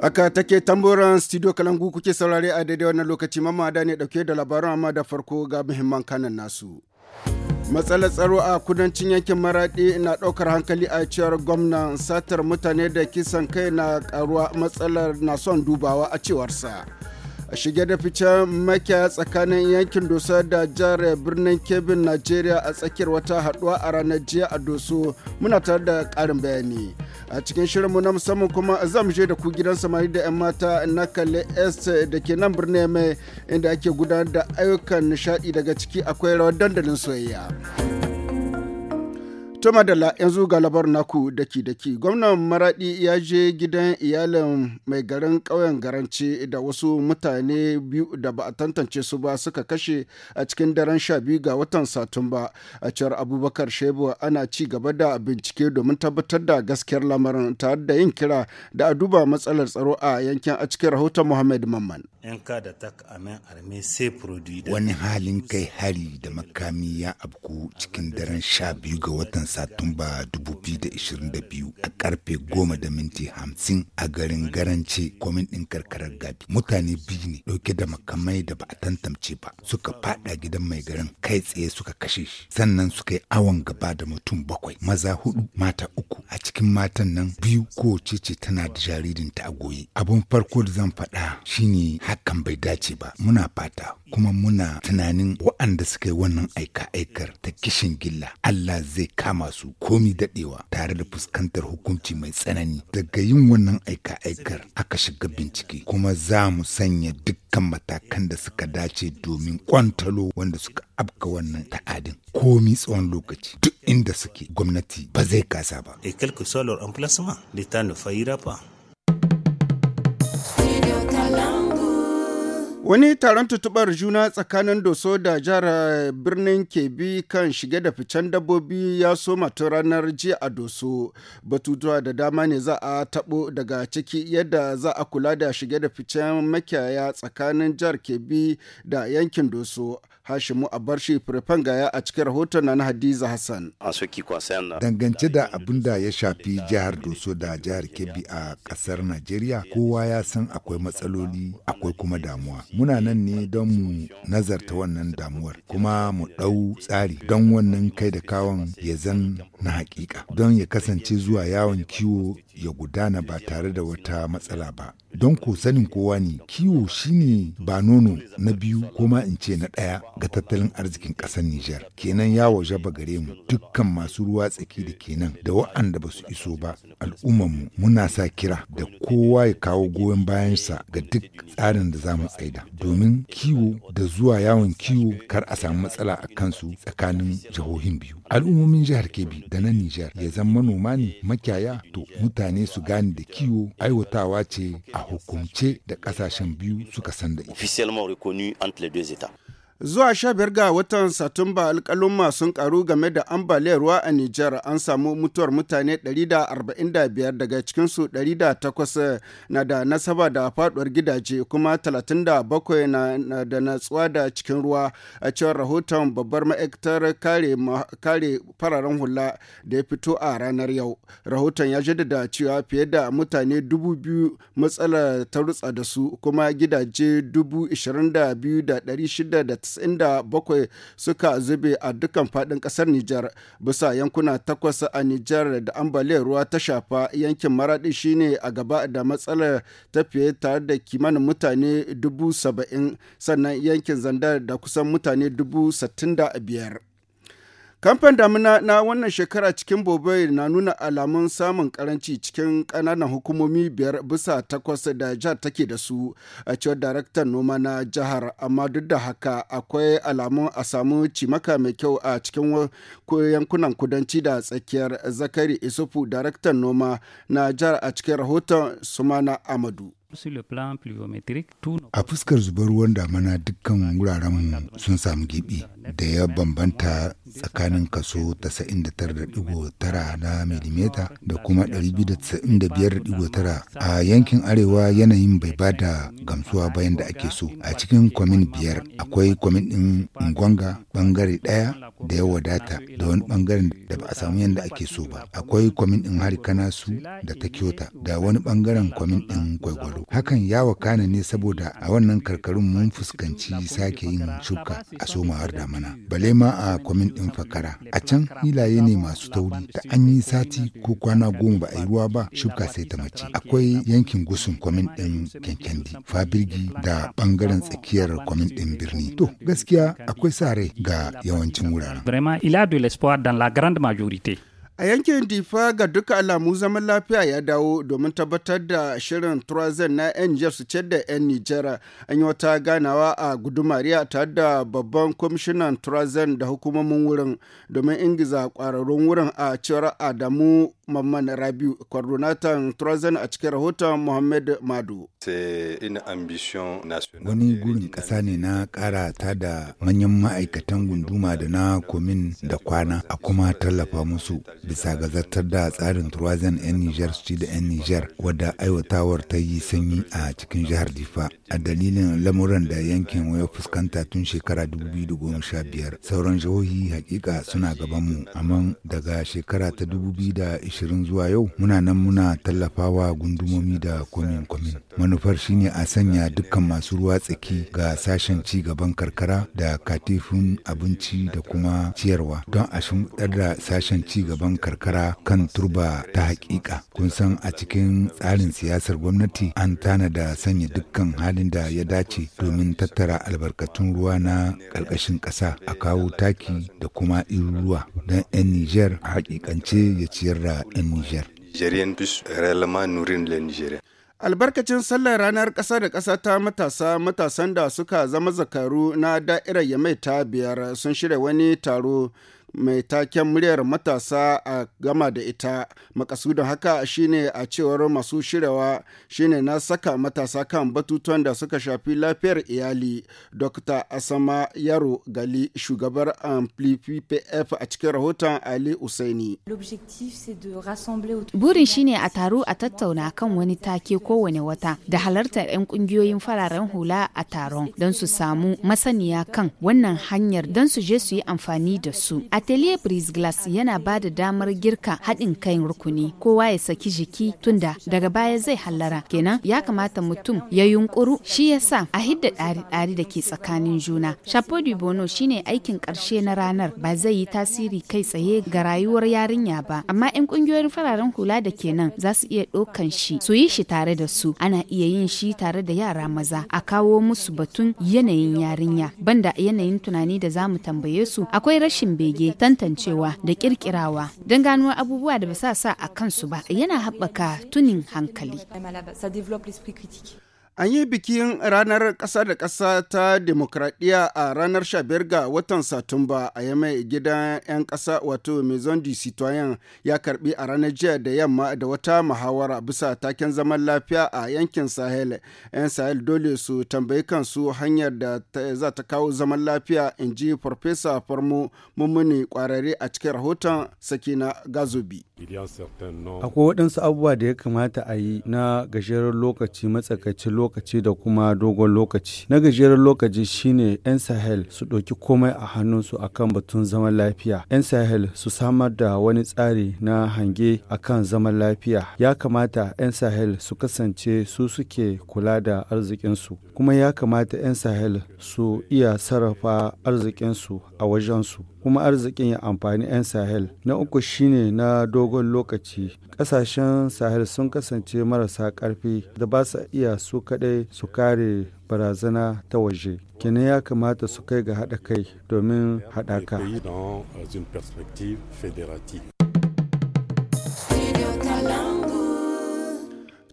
Aka take tamboran studio kalangu kuke saurare a daidai wannan lokaci mamada ne dauke da labaran amma da farko ga muhimman kanan nasu. matsalar tsaro a kudancin yankin Maraɗi na ɗaukar hankali a cewar gwamnan satar mutane da kisan kai na karuwa matsalar na son dubawa a cewarsa a shige da fice makiya tsakanin yankin doso da jihar birnin kebin najeriya a tsakiyar wata haduwa a ranar jiya a doso muna tare da karin bayani a cikin shirinmu na musamman kuma zamu je da ku gidan samari da 'yan mata na kalle s da ke nan birnin mai inda ake gudanar da ayyukan nishadi daga ciki akwai rawar dandalin soyayya. To madalla yanzu ga labar naku daki daki gwamnan maradi ya je gidan iyalin mai garin kauyen garanci da wasu mutane biyu da ba a tantance su ba suka kashe a cikin daren sha biyu ga watan satumba a cewar abubakar shebu ana ci gaba da bincike domin tabbatar da gaskiyar lamarin tare da yin kira da a duba matsalar tsaro a yankin a cikin rahoton muhammad mamman. wani halin kai hari da makami ya abku cikin daren sha biyu ga watan Satumba 2022 a karfe 10 da minti 50 a garin Garance kwamin ɗin karkarar Gabi. Mutane biyu ne ɗauke da makamai da ba a tantance ba suka faɗa gidan mai garin kai tsaye suka kashe shi. Sannan suka yi awon gaba da mutum bakwai maza hudu mata uku a cikin matan nan biyu ko cece tana da jaririn a goye. Abun farko da zan faɗa shine hakan bai dace ba muna fata kuma muna tunanin waɗanda suka yi wannan aika aikar ta kishin gilla Allah zai kama masu komi dadewa tare da fuskantar hukunci mai tsanani daga yin wannan aika-aikar aka shiga bincike kuma za mu sanya dukkan matakan da suka dace domin kwantalo wanda suka abka wannan ta'adin komi tsawon lokaci duk inda suke gwamnati ba zai kasa ba. Wani taron tutubar juna tsakanin Doso da jihar birnin Kebbi kan shige da ficen dabbobi ya soma ta ranar jiya a Doso. Batutuwa da dama ne za a tabo daga ciki yadda za a kula da shige da ficen makiyaya tsakanin jihar Kebbi da yankin Doso. Hashimu Abarshi Firfangaya a cikin rahoton na Hadiza Hassan. Dangance da abin da ya shafi jihar Doso da jihar Kebbi a ƙasar Najeriya, kowa ya san akwai matsaloli akwai kuma damuwa. muna nan ne don mu nazarta wannan damuwar kuma mu ɗau tsari don wannan kai da kawon ya zan na hakika don ya kasance zuwa yawon kiwo ya gudana ba tare da wata matsala ba. Don ko sanin kowa ne kiwo shine ba nono na biyu ko in ce na ɗaya ga tattalin arzikin ƙasar Nijar. Kenan ya waje ba gare mu dukkan masu ruwa tsaki da kenan da wa'anda ba su iso ba mu muna sa kira da kowa ya kawo goyon bayansa ga duk tsarin da za mu tsaida domin kiwo da zuwa yawon kiwo kar a samu matsala a kansu tsakanin jihohin biyu. al'ummomin jihar kebbi da na nijar ya zama manoma ne makiyaya to mutane su gane da kiwo aiwatawa ce a hukumce da kasashen biyu suka san da ita Zuwa sha biyar ga watan Satumba alƙalumma sun ƙaru game da ambaliyar ruwa a Nijar an samu mutuwar mutane 145 daga cikinsu 108 eh, na da nasaba da faduwar gidaje kuma 37 na, da natsuwa da cikin ruwa a cewar rahoton babbar ma'aikatar kare, fararen hula da ya fito a ranar yau. Rahoton ya jaddada cewa fiye da mutane 2,000 matsalar ta rutsa da su kuma gidaje 22,600 bakwai suka zube a dukkan faɗin ƙasar Nijar bisa yankuna takwas a Nijar da ambaliyar ruwa ta shafa yankin maraɗi shine a gaba da matsalar tafiye tare da kimanin mutane dubu sannan yankin zandar da kusan mutane dubu biyar. Kamfen damina na wannan shekara cikin Bobai na nuna alamun samun karanci cikin kananan hukumomi biyar bisa takwas da jihar take da su a cewar daraktan noma na jihar amma duk da haka akwai alamun a samu cimaka mai kyau a cikin yankunan kudanci da tsakiyar zakari isufu daraktan noma na jihar a cikin rahoton sumana amadu. A fuskar zubar ruwan damana dukkan wuraren sun samu gibi da ya bambanta tsakanin kaso 99.9 na milimeta da kuma 295.9 a yankin arewa yanayin bai ba da gamsuwa bayan da ake so a cikin kwamin biyar akwai kwamin ɗin ngwanga bangare ɗaya da ya wadata da wani bangaren da ba a samu yadda ake so ba akwai kwamin ɗin harkana su da ta kyota da wani bangaren kwamin ɗin kwaikwalo. hakan ya wakana ne saboda a wannan karkarun mun fuskanci sake yin shuka a somawar da mana bale ma a kwamin ɗin fakara a can hilaye ne masu tauri da an yi sati ko kwana goma ba a yi ruwa ba shuka sai ta mace akwai yankin gusun kwamin ɗin kyankyandi fabirgi da ɓangaren tsakiyar kwamin ɗin birni to gaskiya akwai sare. ga yawancin wuraren. Vraiment, il a de dans la grande majorité. A yankin Difa ga duka alamu zaman lafiya ya dawo domin tabbatar da shirin Turazen na 'yan Nijar su ce da 'yan Nijar an yi wata ganawa a gudumariya tare da babban kwamishinan Turazen da hukumomin wurin domin ingiza kwararrun wurin a cewar Adamu Mamman Rabiu, coordinator Trozen a cikin rahoton muhammadu. Madu. Wani gurin ƙasa ne na ƙara ta da manyan ma'aikatan gunduma da na komin da kwana a kuma tallafa musu bisa ga zartar da tsarin Trozen 'yan Nijar ci da 'yan Nijar wadda aiwatawar ta yi sanyi a cikin jihar Difa a dalilin lamuran da yankin ya fuskanta tun shekara 2015 sauran jihohi hakika suna gabanmu amma daga shekara ta 2020 ashirin zuwa yau muna nan muna tallafawa gundumomi da kwamin-kwamin. Manufar shine a sanya dukkan masu ruwa tsaki ga sashen ci gaban karkara da katifin abinci da kuma ciyarwa don a shimfiɗar da sashen ci gaban karkara kan turba ta hakika. Kun san a cikin tsarin siyasar gwamnati an tana da sanya dukkan halin da ya dace domin tattara albarkatun ruwa na ƙarƙashin ƙasa a kawo taki da kuma irin ruwa don 'yan Nijar a hakikance ya ciyar da ɗan Nijar. Albarkacin sallar ranar ƙasa da ƙasa ta matasa matasan da suka zama zakaru na da'irar Yamai ta biyar sun shirya wani taro mai taken muryar matasa a gama da ita makasudin haka shine a cewar masu shirawa shine na saka matasa kan batutuwan da suka shafi lafiyar iyali dr asama yaro gali shugabar ppf a cikin rahoton ali usaini burin shine a taro a tattauna kan wani take kowane wata da halartar 'yan kungiyoyin fararen hula a taron don su samu masaniya kan wannan hanyar don su je su yi amfani da su Atelier Breeze Glass yana ba da damar girka haɗin kayan rukuni kowa ya saki jiki tunda daga baya zai hallara kenan ya kamata mutum ya yunkuru shi yasa a hidda ɗari-ɗari da ke tsakanin juna. Chapeau du Bono shine aikin ƙarshe na ranar ba zai yi tasiri kai tsaye ga rayuwar yarinya ba amma 'yan ƙungiyoyin fararen hula da kenan za su iya ɗaukan shi su yi shi tare da su ana iya yin shi tare da yara maza a kawo musu batun yanayin yarinya banda yanayin tunani da za mu tambaye su akwai rashin bege ke tantancewa da kirkirawa don gano abubuwa da ba sa sa a kansu ba yana haɓaka tunin hankali. An yi bikin ranar ƙasa da ƙasa ta demokradiyya a ranar 15 ga watan Satumba a yamai gidan 'yan ƙasa wato Maison du Citoyen ya karbi a ranar jiya da yamma da wata muhawara bisa taken zaman lafiya a yankin Sahel. 'Yan Sahel dole su tambayi kansu hanyar da za ta kawo zaman lafiya in ji Farfesa Farmo Mummuni kwarare a cikin rahoton Sakina Gazobi. Akwai waɗansu abubuwa da ya kamata a yi na gajeren lokaci matsakaicin lokaci da kuma dogon lokaci. Na gajeren lokaci shine 'yan Sahel su ɗauki komai a hannunsu akan batun zaman lafiya. 'Yan Sahel su samar da wani tsari na hange akan zaman lafiya. Ya kamata 'yan Sahel su kasance su suke kula da arzikinsu. Kuma ya kamata 'yan Sahel su iya sarrafa arzikinsu a wajensu. Kuma arzikin ya amfani 'yan Sahel. Na uku shine na dogon dogon lokaci ƙasashen sahel sun kasance marasa karfi da ba su iya su kaɗai su kare barazana ta waje kenan ya kamata su kai ga haɗa kai domin haɗaka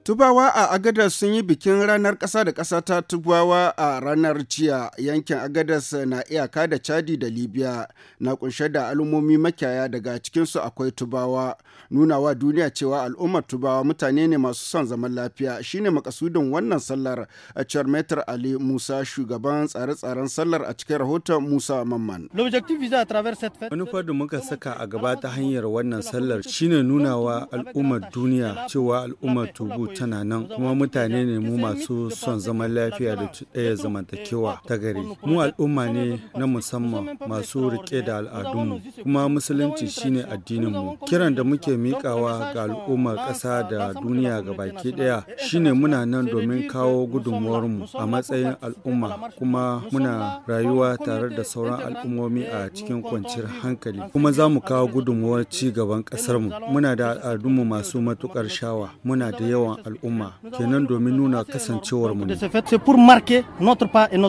Tubawa a Agadas sun yi bikin ranar ƙasa da ƙasa ta Tubawa a ranar jiya yankin Agadas na iyaka da Chadi da Libya na kunshe da al'ummomi makiyaya daga cikinsu akwai Tubawa nuna wa duniya cewa al'ummar tubawa mutane ne masu son zaman lafiya shine makasudin wannan sallar a cewar ali musa shugaban tsare-tsaren sallar a cikin rahoton musa mamman manufar da muka saka a gaba ta hanyar wannan sallar shine nuna wa al'ummar duniya cewa al'ummar tubu tana nan kuma mutane ne mu masu son zaman lafiya da ɗaya eh, zamantakewa ta gari mu al'umma ne na musamman masu riƙe da al'adunmu kuma musulunci shine addininmu kiran da muke muke mikawa ga al'ummar ƙasa da duniya ga baki ɗaya shine muna nan domin kawo gudunmuwarmu a matsayin al'umma kuma muna rayuwa tare da sauran al'ummomi a cikin kwanciyar hankali kuma za mu kawo gudunmuwar ci gaban ƙasarmu muna da al'adunmu masu matuƙar shawa muna da yawan al'umma kenan domin nuna kasancewar kasancewarmu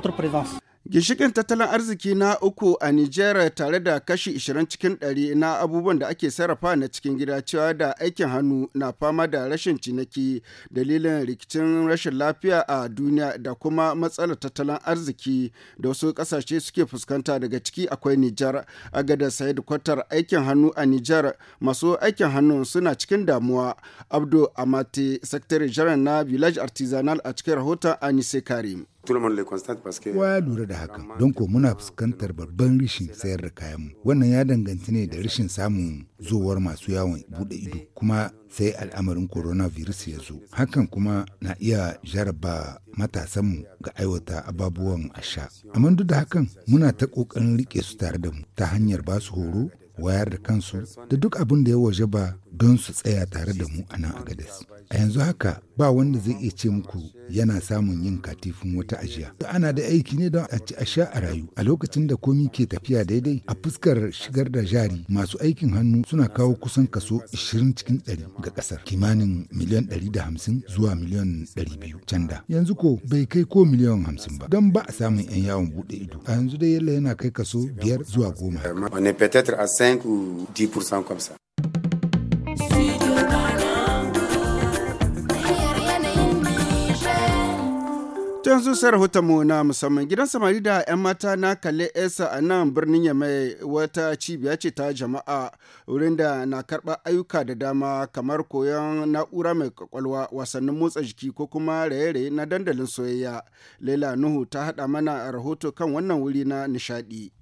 ne. Gishikin tattalin arziki na uku a Nijar tare da kashi 20 cikin 100 na abubuwan da ake sarrafa na cikin gida cewa da aikin hannu na fama da rashin ciniki dalilin rikicin rashin lafiya a duniya da kuma matsalar tattalin arziki da wasu kasashe suke fuskanta daga ciki akwai Nijar a gadar said kwatar aikin hannu a Nijar masu aikin hannu suna cikin damuwa. Abdo Amate, Sakatare Jiran na Village Artisanal a cikin rahoton Anise Karim. Kowa lura da haka don ko muna fuskantar babban rishin sayar da kayan mu Wannan ya danganci ne da rishin samun zowar masu yawon bude ido kuma sai al'amarin coronavirus ya zo. Hakan kuma na iya jaraba matasanmu ga aiwata ababuwan asha. Amma duk da hakan muna ta ƙoƙarin riƙe su tare da mu ta hanyar ba su horo wayar da kansu da duk abin da ya waje ba don su tsaya tare da mu a nan a gadas. A yanzu haka ba wanda zai iya ce muku yana samun yin katifin wata ajiya. Ana da aiki ne don a ci a sha a rayu. A lokacin da komi ke tafiya daidai a fuskar shigar da jari masu aikin hannu suna kawo kusan kaso 20 cikin 100 ga kasar kimanin miliyan 150 zuwa miliyan 200 canda Yanzu ko bai kai ko miliyon 50 ba don ba a samun 'yan yawon bude ido. A yanzu dai yalla yana kai kaso 5 zuwa 10. To yanzu sai mu na musamman gidan samari da 'yan mata na kalle esa a nan birnin yamai wata cibiya ce ta jama'a wurin da na karɓa ayyuka da dama kamar koyon na'ura mai kwakwalwa wasannin motsa jiki ko kuma raye-raye na dandalin soyayya. Laila Nuhu ta haɗa mana rahoto kan wannan wuri na nishaɗi.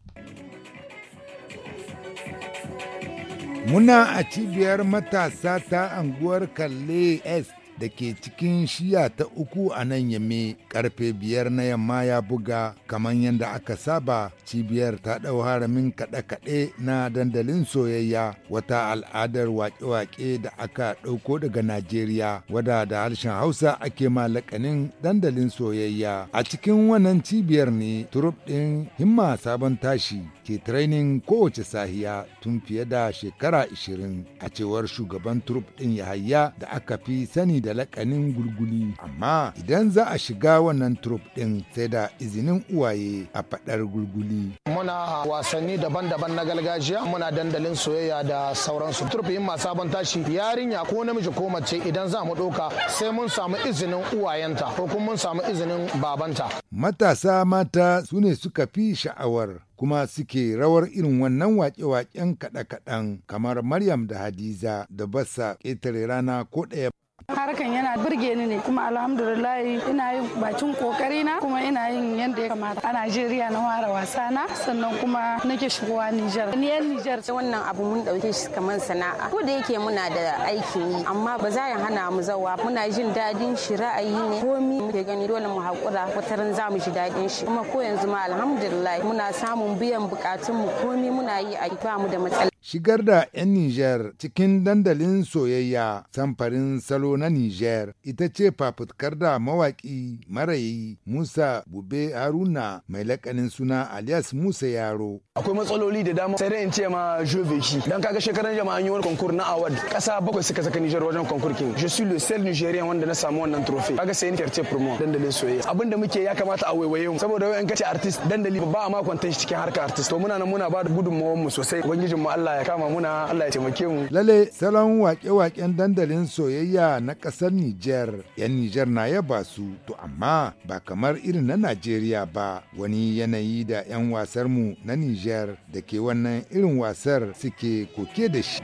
Muna a cibiyar matasa ta anguwar kalle S da ke cikin shiya ta uku a nan yamme karfe biyar na yamma ya buga kamar yadda aka saba cibiyar ta ɗau haramin kaɗe-kaɗe na dandalin soyayya wata al'adar waƙe-waƙe da aka ɗauko daga najeriya wada da harshen hausa ake malakanin dandalin soyayya a cikin wannan cibiyar ne turup ɗin himma sabon tashi ke training kowace sahiya tun fiye da shekara 20 a cewar shugaban turup ɗin yahaya da aka fi sani da lakanin gulguli amma idan za a shiga wannan trop din, sai da izinin uwaye a faɗar gulguli. Muna wasanni daban-daban na gargajiya muna dandalin soyayya da sauransu. yin masu sabon tashi yarinya ko namiji ko mace idan za mu ɗauka sai mun samu izinin uwayenta ko kuma mun samu izinin babanta. Matasa mata su ne suka fi sha'awar kuma suke rawar irin wannan waƙe waken kaɗe-kaɗen kamar Maryam da Hadiza da basa ƙetare rana ko ɗaya Harkan yana burge ni ne kuma alhamdulillah ina yin bakin kokari na kuma ina yin yadda ya kamata. A Najeriya na wara wasa na sannan kuma nake shigowa Nijar. Ni yan Nijar wannan abu mun dauke shi kamar sana'a. Ko da yake muna da aikin yi amma ba za ya hana mu zawa muna jin dadin shi ra'ayi ne komi muke gani dole mu hakura wataran za mu ji dadin shi kuma ko yanzu ma alhamdulillah muna samun biyan bukatun mu komi muna yi a ba mu da matsala. shigar da 'yan Nijar cikin dandalin soyayya samfarin salo na Nijar ita ce fafutkar da mawaƙi marayi Musa Bube Haruna mai lakanin suna alias Musa Yaro akwai matsaloli da dama sai dai in ce ma jove shi dan kaga shekaran jama'an an yi wani konkur na award kasa bakwai suka saka Niger wajen konkur kin je suis le seul Nigerian wanda na samu wannan trophy kaga sai ni fierté pour moi dandalin soyayya abinda muke ya kamata a waiwaye mu saboda wai an kace artist dandali ba a kwantan shi cikin harka artist to muna nan muna ba da gudunmawar mu sosai ubangijin mu Allah ya kama muna Allah ya taimake mu lalle salon wake-waken dandalin soyayya na kasar Niger yan Niger na yaba su to amma ba kamar irin na Najeriya ba wani yanayi da yan wasar mu na Niger Niger da ke wannan irin wasar suke koke da shi.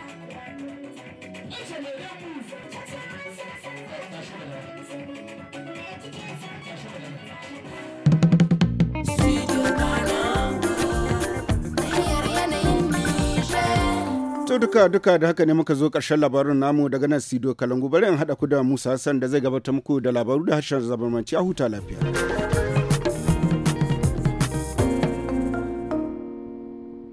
To duka duka da haka ne muka zo karshen labarin namu daga nan Sido Kalangu bari in haɗa ku da Musa Hassan da zai gabatar muku da labaru da harshen zamanci a huta lafiya.